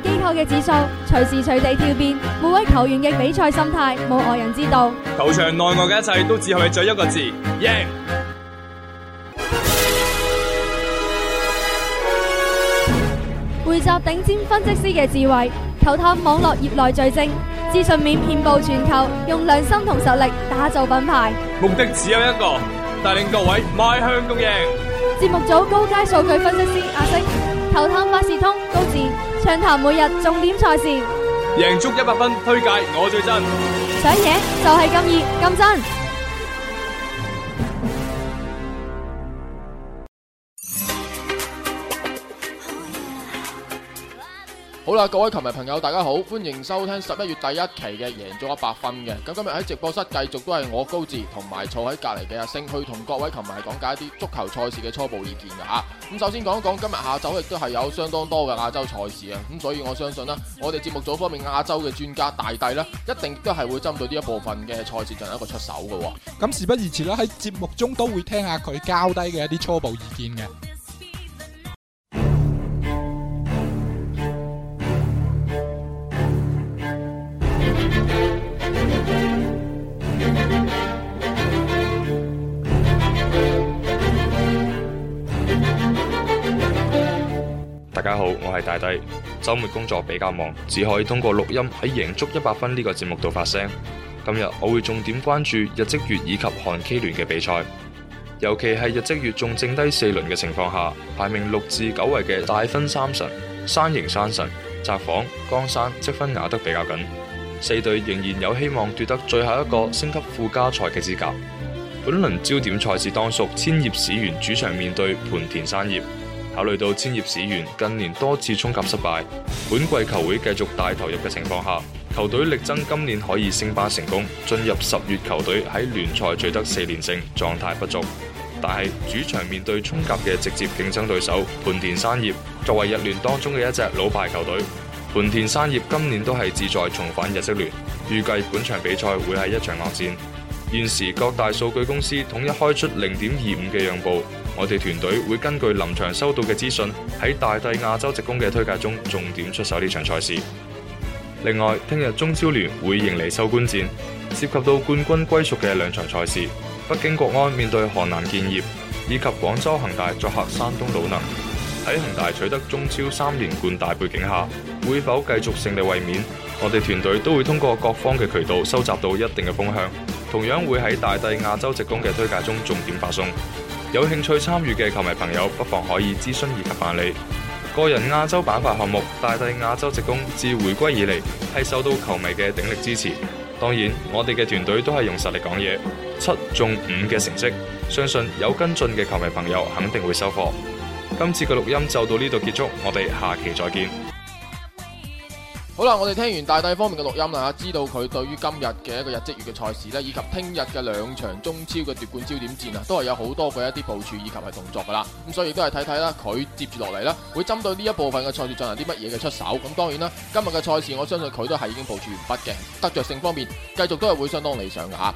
機構嘅指數隨時隨地跳變，每位球員嘅比賽心態冇外人知道。球場內外嘅一切都只係在一個字：贏。匯集頂尖分析師嘅智慧，球探網絡業內最精，資訊面遍布全球，用良心同實力打造品牌。目的只有一個，帶領各位邁向共贏。節目組高階數據分析師阿星。透探百事通高智暢談每日重點賽事，贏足一百分推介我最真，想贏就係咁易咁真。好啦，各位球迷朋友，大家好，歡迎收聽十一月第一期嘅贏足一百 FUN 嘅。咁今日喺直播室繼續都係我高志同埋坐喺隔籬嘅阿星去同各位球迷講解一啲足球賽事嘅初步意見嘅吓。咁首先講一講今日下晝亦都係有相當多嘅亞洲賽事啊。咁所以我相信啦，我哋節目組方面亞洲嘅專家大帝呢，一定都係會針對呢一部分嘅賽事進行一個出手嘅。咁事不宜遲啦，喺節目中都會聽，聽下佢交低嘅一啲初步意見嘅。大家好，我係大帝。周末工作比較忙，只可以通過錄音喺贏足一百分呢個節目度發聲。今日我會重點關注日職乙以及韓 K 聯嘅比賽，尤其係日職乙仲剩低四輪嘅情況下，排名六至九位嘅大分三神、山形山神、札幌、岡山積分咬得比較緊，四隊仍然有希望奪得最後一個升級附加賽嘅資格。本輪焦點賽事當屬千葉市原主場面對磐田山葉考慮到千葉市原近年多次衝甲失敗，本季球會繼續大投入嘅情況下，球隊力爭今年可以升巴成功。進入十月，球隊喺聯賽取得四連勝，狀態不俗。但係主場面對衝甲嘅直接競爭對手磐田山葉，作為日聯當中嘅一隻老牌球隊，磐田山葉今年都係志在重返日式聯。預計本場比賽會係一場硬戰。現時各大數據公司統一開出零點二五嘅讓步，我哋團隊會根據臨場收到嘅資訊，喺大帝亞洲職工嘅推介中重點出手呢場賽事。另外，聽日中超聯會迎嚟收官戰，涉及到冠軍歸屬嘅兩場賽事：北京國安面對河南建業，以及廣州恆大作客山東魯能。喺恆大取得中超三連冠大背景下，會否繼續勝利衛冕？我哋團隊都會通過各方嘅渠道，收集到一定嘅風向。同樣會喺大帝亞洲職工嘅推介中重點發送，有興趣參與嘅球迷朋友不妨可以諮詢以及辦理個人亞洲板塊項目。大帝亞洲職工自回歸以嚟係受到球迷嘅鼎力支持，當然我哋嘅團隊都係用實力講嘢，七中五嘅成績，相信有跟進嘅球迷朋友肯定會收貨。今次嘅錄音就到呢度結束，我哋下期再見。好啦，我哋聽完大帝方面嘅錄音啦吓，知道佢對於今日嘅一個日職月嘅賽事咧，以及聽日嘅兩場中超嘅奪冠焦點戰啊，都係有好多嘅一啲部署以及係動作噶啦。咁所以都係睇睇啦，佢接住落嚟啦，會針對呢一部分嘅賽事進行啲乜嘢嘅出手。咁當然啦，今日嘅賽事我相信佢都係已經部署完畢嘅，得着性方面繼續都係會相當理想嘅吓。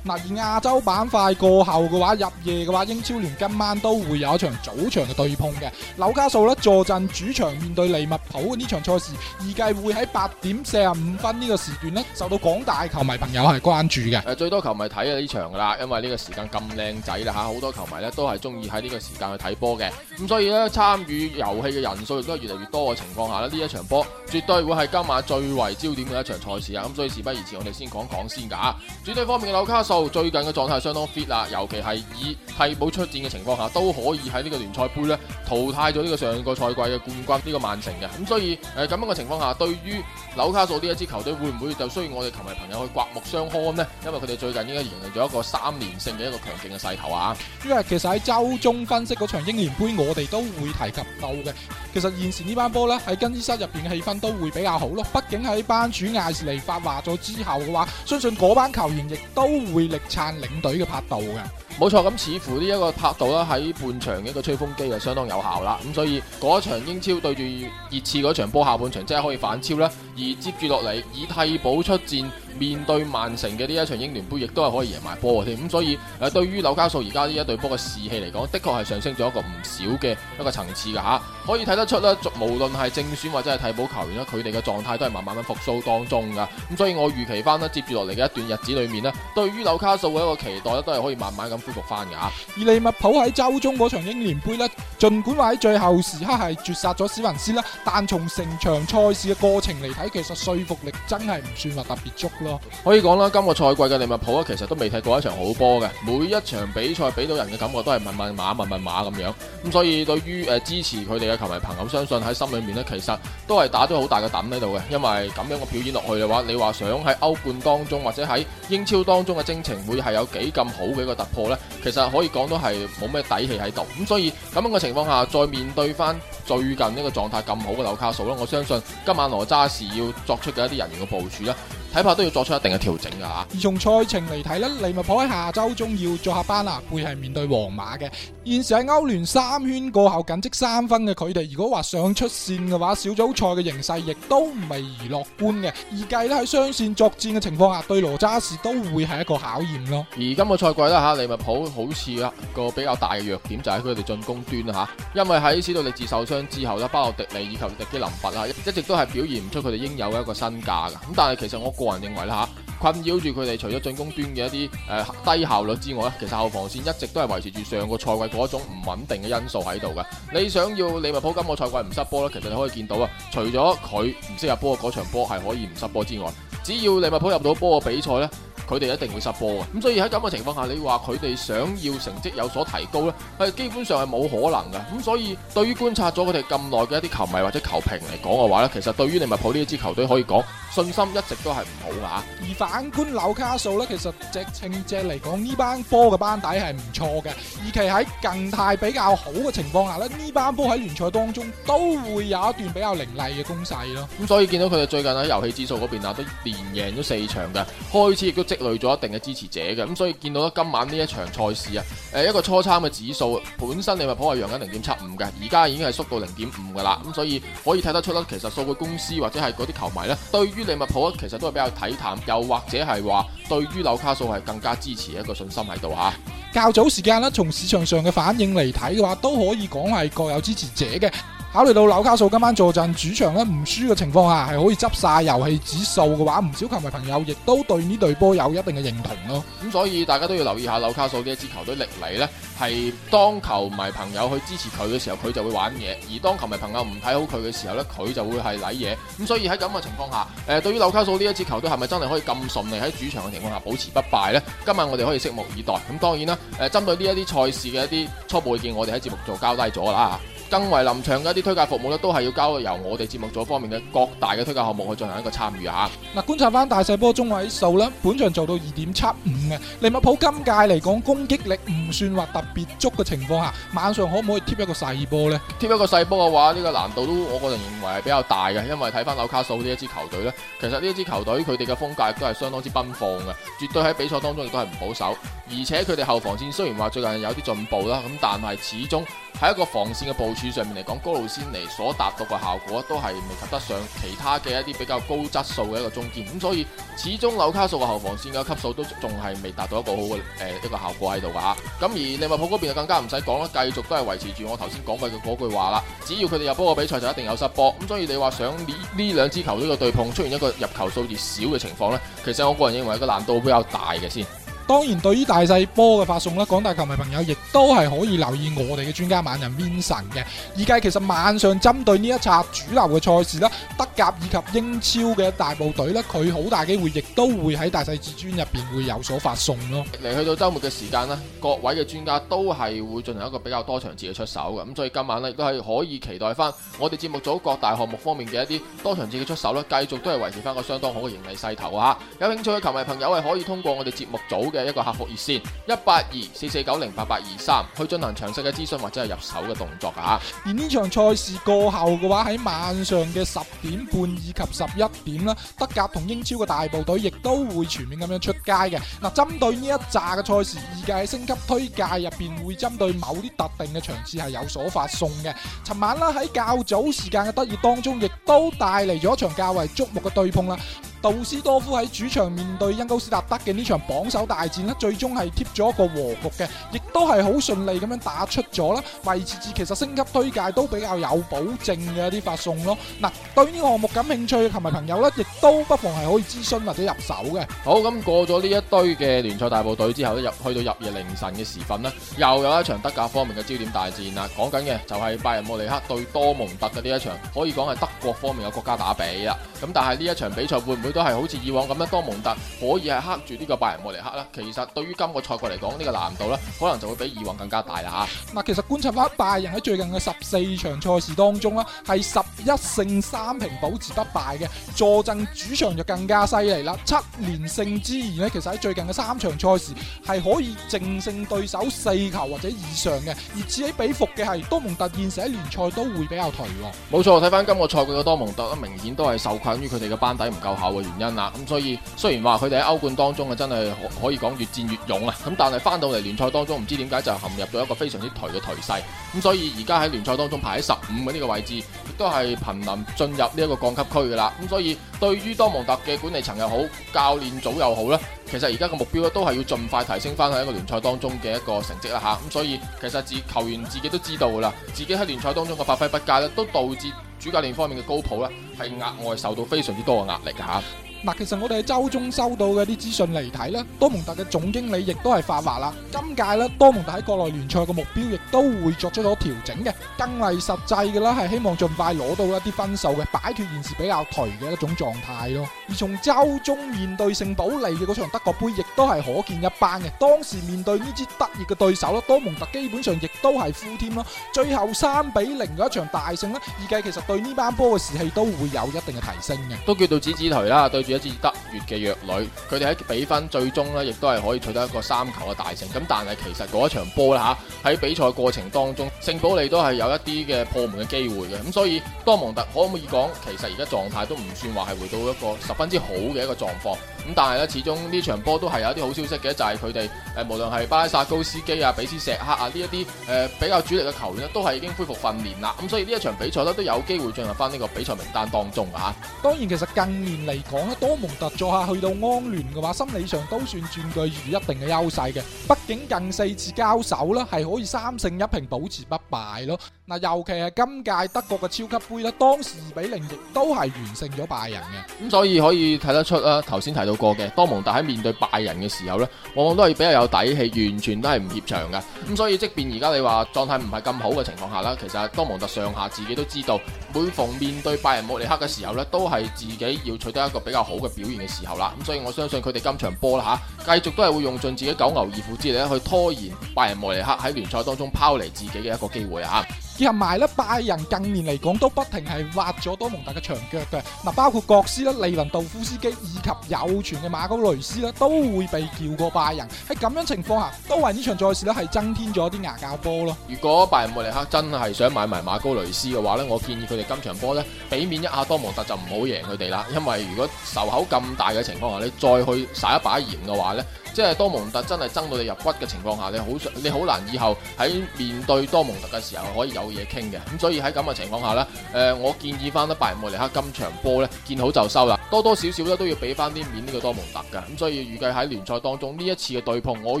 嗱，而亞洲板塊過後嘅話，入夜嘅話，英超聯今晚都會有一場早場嘅對碰嘅。紐卡素咧坐鎮主場面對利物浦嘅呢場賽事，預計會喺八點四十五分呢個時段咧受到廣大球迷朋友係關注嘅。誒、呃，最多球迷睇啊呢場噶啦，因為呢個時間咁靚仔啦吓，好多球迷咧都係中意喺呢個時間去睇波嘅。咁所以咧參與遊戲嘅人數亦都係越嚟越多嘅情況下咧，呢一場波絕對會係今晚最為焦點嘅一場賽事啊！咁所以事不宜遲，我哋先講講先噶，主隊方面嘅紐卡。到最近嘅狀態相當 fit 啊，尤其係以替補出戰嘅情況下，都可以喺呢個聯賽杯咧淘汰咗呢個上個賽季嘅冠軍呢、呢個曼城嘅。咁、嗯、所以誒咁、呃、樣嘅情況下，對於紐卡素呢一支球隊，會唔會就需要我哋球迷朋友去刮目相看呢？因為佢哋最近應該迎嚟咗一個三連勝嘅一個強勁嘅勢頭啊！因為其實喺周中分析嗰場英聯杯，我哋都會提及到嘅。其實現時這呢班波咧喺更衣室入邊嘅氣氛都會比較好咯。畢竟喺班主艾士尼發話咗之後嘅話，相信嗰班球員亦都會。力撐領隊嘅拍道嘅。冇錯，咁似乎呢一個拍到啦，喺半場嘅一個吹風機就相當有效啦。咁所以嗰場英超對住熱刺嗰場波下半場真係可以反超啦。而接住落嚟以替補出戰面對曼城嘅呢一場英聯杯，亦都係可以贏埋波㗎添。咁所以誒，對於紐卡素而家呢一隊波嘅士氣嚟講，的確係上升咗一個唔少嘅一個層次㗎嚇。可以睇得出啦，無論係正選或者係替補球員啦，佢哋嘅狀態都係慢慢咁復甦當中㗎。咁所以我預期翻啦，接住落嚟嘅一段日子裏面呢，對於紐卡素嘅一個期待咧，都係可以慢慢咁。復翻嘅，而利物浦喺周中嗰場英聯杯咧。儘管話喺最後時刻係絕殺咗史雲斯啦，但從成場賽事嘅過程嚟睇，其實說服力真係唔算話特別足咯。可以講啦，今個賽季嘅利物浦啊，其實都未踢過一場好波嘅，每一場比賽俾到人嘅感覺都係問問馬問問馬咁樣。咁所以對於誒、呃、支持佢哋嘅球迷朋友，相信喺心裏面呢其實都係打咗好大嘅膽喺度嘅，因為咁樣嘅表演落去嘅話，你話想喺歐冠當中或者喺英超當中嘅征程會係有幾咁好嘅一個突破呢？其實可以講都係冇咩底氣喺度。咁所以咁樣嘅情情況下，再面對翻最近呢個狀態咁好嘅紐卡素啦，我相信今晚羅渣士要作出嘅一啲人員嘅部署啦。睇怕都要作出一定嘅調整噶吓，而從賽程嚟睇，呢利物浦喺下周中要作客班拿貝，係面對皇馬嘅。現時喺歐聯三圈過後緊積三分嘅佢哋，如果話想出線嘅話，小組賽嘅形勢亦都唔係樂觀嘅。預計呢，喺雙線作戰嘅情況下，對羅渣士都會係一個考驗咯。而今個賽季咧吓，利物浦好似啊個比較大嘅弱點就係佢哋進攻端吓，因為喺史圖利治受傷之後咧，包括迪尼以及迪基林拔啊，一直都係表現唔出佢哋應有嘅一個身價嘅。咁但係其實我。個人認為啦吓，困擾住佢哋除咗進攻端嘅一啲誒、呃、低效率之外咧，其實後防線一直都係維持住上個賽季嗰一種唔穩定嘅因素喺度㗎。你想要利物浦今個賽季唔失波咧，其實你可以見到啊，除咗佢唔識入波嗰場波係可以唔失波之外，只要利物浦入到波嘅比賽咧。佢哋一定會失波嘅，咁所以喺咁嘅情況下，你話佢哋想要成績有所提高呢，係基本上係冇可能嘅。咁所以對於觀察咗佢哋咁耐嘅一啲球迷或者球評嚟講嘅話呢，其實對於利物浦呢支球隊可以講，信心一直都係唔好㗎。而反觀紐卡素呢，其實正直情即係嚟講呢班波嘅班底係唔錯嘅，而其喺近態比較好嘅情況下呢，呢班波喺聯賽當中都會有一段比較凌厲嘅攻勢咯。咁所以見到佢哋最近喺遊戲指數嗰邊啊，都連贏咗四場嘅，開始亦都直累咗一定嘅支持者嘅，咁所以見到今晚呢一場賽事啊，誒、呃、一個初參嘅指數本身利物浦係讓緊零點七五嘅，而家已經係縮到零點五噶啦，咁所以可以睇得出啦，其實數據公司或者係嗰啲球迷咧，對於利物浦咧其實都係比較睇淡，又或者係話對於紐卡素係更加支持一個信心喺度吓。較早時間啦，從市場上嘅反應嚟睇嘅話，都可以講係各有支持者嘅。考慮到紐卡素今晚坐鎮主場咧，唔輸嘅情況下係可以執晒遊戲指數嘅話，唔少球迷朋友亦都對呢隊波有一定嘅認同咯、哦。咁、嗯、所以大家都要留意一下紐卡素呢一支球隊歷嚟，呢係當球迷朋友去支持佢嘅時候，佢就會玩嘢；而當球迷朋友唔睇好佢嘅時候呢，佢就會係嚟嘢。咁、嗯、所以喺咁嘅情況下，誒、呃，對於紐卡素呢一支球隊係咪真係可以咁順利喺主場嘅情況下保持不敗呢？今日我哋可以拭目以待。咁、嗯、當然啦，誒、呃，針對呢一啲賽事嘅一啲初步意見，我哋喺節目度交低咗啦。更為臨場嘅一啲推介服務咧，都係要交由我哋節目組方面嘅各大嘅推介項目去進行一個參與嚇。嗱，觀察翻大細波中位數咧，本場做到二點七五嘅利物浦今屆嚟講攻擊力唔算話特別足嘅情況下，晚上可唔可以貼一個細波呢？貼一個細波嘅話，呢個難度都我個人認為係比較大嘅，因為睇翻紐卡素呢一支球隊呢。其實呢一支球隊佢哋嘅風格都係相當之奔放嘅，絕對喺比賽當中亦都係唔保守，而且佢哋後防線雖然話最近有啲進步啦，咁但係始終，喺一個防線嘅部署上面嚟講，高路先尼所達到嘅效果都係未及得上其他嘅一啲比較高質素嘅一個中堅，咁所以始終紐卡素嘅後防線嘅級數都仲係未達到一個好嘅，誒一個效果喺度噶吓，咁而利物浦嗰邊就更加唔使講啦，繼續都係維持住我頭先講過嘅嗰句話啦，只要佢哋入波個比賽就一定有失波，咁所以你話想呢，呢兩支球隊嘅對碰出現一個入球數字少嘅情況呢？其實我個人認為一個難度比較大嘅先。當然對於大細波嘅發送啦，廣大球迷朋友亦都係可以留意我哋嘅專家猛人 Vincent 嘅。而家其實晚上針對呢一輯主流嘅賽事啦，德甲以及英超嘅大部隊咧，佢好大機會亦都會喺大細至尊入邊會有所發送咯。嚟去到周末嘅時間啦，各位嘅專家都係會進行一個比較多場次嘅出手嘅。咁所以今晚咧亦都係可以期待翻我哋節目組各大項目方面嘅一啲多場次嘅出手啦，繼續都係維持翻個相當好嘅盈利勢頭啊！有興趣嘅球迷朋友係可以通過我哋節目組嘅。一個客服熱線一八二四四九零八八二三去進行詳細嘅諮詢或者係入手嘅動作啊！而呢場賽事過後嘅話，喺晚上嘅十點半以及十一點啦，德甲同英超嘅大部隊亦都會全面咁樣出街嘅。嗱、啊，針對呢一紮嘅賽事，二界升級推介入邊會針對某啲特定嘅場次係有所發送嘅。尋晚啦喺較早時間嘅得意當中，亦都帶嚟咗一場較為矚目嘅對碰啦。杜斯多夫喺主場面對因高斯達德嘅呢場榜首大戰咧，最終係貼咗一個和局嘅，亦都係好順利咁樣打出咗啦。維持至其實升級推介都比較有保證嘅一啲發送咯。嗱，對呢個項目感興趣嘅同埋朋友咧，亦都不妨係可以諮詢或者入手嘅。好，咁過咗呢一堆嘅聯賽大部隊之後咧，入去到入夜凌晨嘅時分咧，又有一場德甲方面嘅焦點大戰啦。講緊嘅就係拜仁慕尼黑對多蒙特嘅呢一場，可以講係德國方面嘅國家打比啦。咁但係呢一場比賽會唔會？都係好似以往咁樣，多蒙特可以係克住呢個拜仁慕尼黑啦。其實對於今個賽季嚟講，呢個難度呢可能就會比以往更加大啦吓。嗱，其實觀察翻拜仁喺最近嘅十四場賽事當中呢，係十一勝三平保持不敗嘅，坐鎮主場就更加犀利啦。七連勝之餘呢，其實喺最近嘅三場賽事係可以淨勝對手四球或者以上嘅，而自己比服嘅係多蒙特，現時喺聯賽都會比較頹。冇錯，睇翻今個賽季嘅多蒙特，明顯都係受困於佢哋嘅班底唔夠厚。原因啦，咁所以雖然話佢哋喺歐冠當中啊，真係可以講越戰越勇啊，咁但係翻到嚟聯賽當中，唔知點解就陷入咗一個非常之頹嘅頹勢，咁、嗯、所以而家喺聯賽當中排喺十五嘅呢個位置，亦都係瀕臨進入呢一個降級區噶啦，咁、嗯、所以對於多蒙特嘅管理層又好，教練組又好呢，其實而家嘅目標咧都係要盡快提升翻喺一個聯賽當中嘅一個成績啦吓，咁、嗯、所以其實自球員自己都知道噶啦，自己喺聯賽當中嘅發揮不佳咧，都導致。主教練方面嘅高普咧，係額外受到非常之多嘅壓力嘅吓。嗱，其實我哋喺週中收到嘅啲資訊嚟睇咧，多蒙特嘅總經理亦都係發話啦。今屆咧，多蒙特喺國內聯賽嘅目標亦都會作出咗調整嘅，更為實際嘅啦，係希望盡快攞到一啲分數嘅，擺脫現時比較頹嘅一種狀態咯。而從週中面對聖保利嘅嗰場德國杯，亦都係可見一斑嘅。當時面對呢支得意嘅對手咯，多蒙特基本上亦都係負添咯。最後三比零嗰一場大勝咧，預計其實對呢班波嘅士氣都會有一定嘅提升嘅，都叫做指指頹啦，對。一支德乙嘅弱旅，佢哋喺比分最終呢亦都係可以取得一個三球嘅大勝。咁但係其實嗰一場波啦吓，喺比賽過程當中，聖保利都係有一啲嘅破門嘅機會嘅。咁所以多蒙特可唔可以講，其實而家狀態都唔算話係回到一個十分之好嘅一個狀況。咁但係呢始終呢場波都係有一啲好消息嘅，就係佢哋誒，無論係巴列薩高斯基啊、比斯石克啊呢一啲誒、呃、比較主力嘅球員咧，都係已經恢復訓練啦。咁所以呢一場比賽呢都有機會進入翻呢個比賽名單當中啊。當然，其實近年嚟講多蒙特作客去到安聯嘅話，心理上都算佔據住一定嘅優勢嘅。畢竟近四次交手咧，係可以三勝一平保持不敗咯。嗱，尤其係今屆德國嘅超級杯咧，當時二比零亦都係完勝咗拜仁嘅。咁、嗯、所以可以睇得出啦，頭先提到過嘅，多蒙特喺面對拜仁嘅時候呢，往往都係比較有底氣，完全都係唔怯場嘅。咁所以，即便而家你話狀態唔係咁好嘅情況下啦，其實多蒙特上下自己都知道。每逢面對拜仁慕尼克嘅時候咧，都係自己要取得一個比較好嘅表現嘅時候啦。咁所以我相信佢哋今場波啦嚇，繼續都係會用盡自己九牛二虎之力去拖延拜仁慕尼克喺聯賽當中拋離自己嘅一個機會啊！及埋咧，拜仁近年嚟講都不停係挖咗多蒙特嘅牆腳嘅，嗱，包括國師啦、利雲度夫斯基以及有傳嘅馬高雷斯啦，都會被叫過拜仁。喺咁樣的情況下，都為呢場賽事咧係增添咗啲牙膠波咯。如果拜仁慕尼黑真係想買埋馬高雷斯嘅話咧，我建議佢哋今場波咧俾面一下多蒙特，就唔好贏佢哋啦，因為如果仇口咁大嘅情況下，你再去撒一把鹽嘅話咧。即係多蒙特真係憎到你入骨嘅情況下，你好想你好難以後喺面對多蒙特嘅時候可以有嘢傾嘅。咁、嗯、所以喺咁嘅情況下呢，誒、呃，我建議翻呢，拜仁慕尼黑今場波呢，見好就收啦，多多少少呢都要俾翻啲面呢個多蒙特噶。咁、嗯、所以預計喺聯賽當中呢一次嘅對碰，我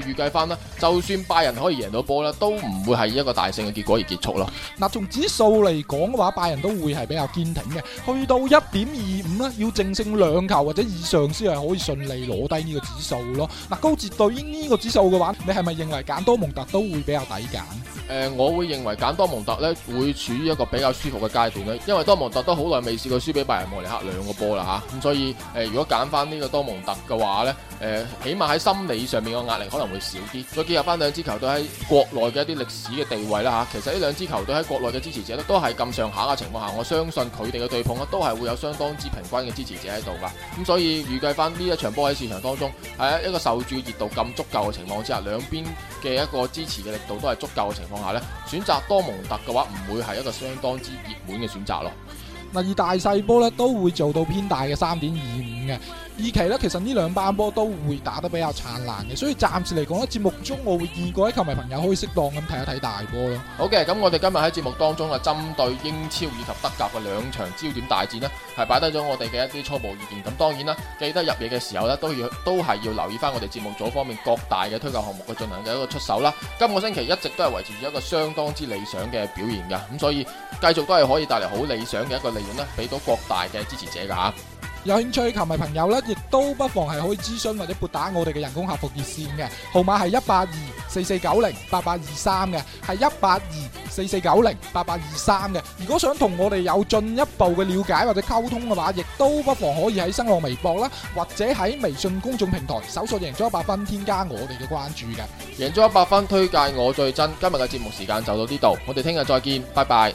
預計翻呢，就算拜仁可以贏到波呢，都唔會係一個大勝嘅結果而結束咯。嗱，從指數嚟講嘅話，拜仁都會係比較堅挺嘅，去到一點二五呢，要淨勝兩球或者以上先係可以順利攞低呢個指數咯。高捷對於呢個指數嘅話，你係咪認為揀多蒙特都會比較抵揀？誒、呃，我會認為揀多蒙特咧會處於一個比較舒服嘅階段咧，因為多蒙特都好耐未試過輸俾拜仁慕尼黑兩個波啦嚇，咁、啊、所以誒、呃，如果揀翻呢個多蒙特嘅話咧，誒、呃，起碼喺心理上面嘅壓力可能會少啲。再結合翻兩支球隊喺國內嘅一啲歷史嘅地位啦嚇、啊，其實呢兩支球隊喺國內嘅支持者都都係咁上下嘅情況下，我相信佢哋嘅對碰咧都係會有相當之平均嘅支持者喺度噶，咁、啊、所以預計翻呢一場波喺市場當中喺一個受注熱度咁足夠嘅情況之下，兩邊嘅一個支持嘅力度都係足夠嘅情況。選擇多蒙特嘅話，唔會係一個相當之熱門嘅選擇咯。嗱，而大細波咧都會做到偏大嘅三點二五嘅，二期咧其實呢兩班波都會打得比較燦爛嘅，所以暫時嚟講咧，節目中我會建議啲球迷朋友可以適當咁睇一睇大波咯。好嘅，咁我哋今日喺節目當中啊，針對英超以及德甲嘅兩場焦點大戰咧，係擺低咗我哋嘅一啲初步意見。咁當然啦，記得入嘢嘅時候呢，都要都係要留意翻我哋節目組方面各大嘅推介項目嘅進行嘅一個出手啦。今個星期一直都係維持住一個相當之理想嘅表現㗎，咁所以繼續都係可以帶嚟好理想嘅一個。俾到各大嘅支持者噶吓，有興趣球迷朋友咧，亦都不妨係可以諮詢或者撥打我哋嘅人工客服熱線嘅，號碼係一八二四四九零八八二三嘅，係一八二四四九零八八二三嘅。如果想同我哋有進一步嘅了解或者溝通嘅話，亦都不妨可以喺新浪微博啦，或者喺微信公眾平台搜索贏足 100FUN，添加我哋嘅關注嘅。贏足 100FUN，推介我最真。今日嘅節目時間就到呢度，我哋聽日再見，拜拜。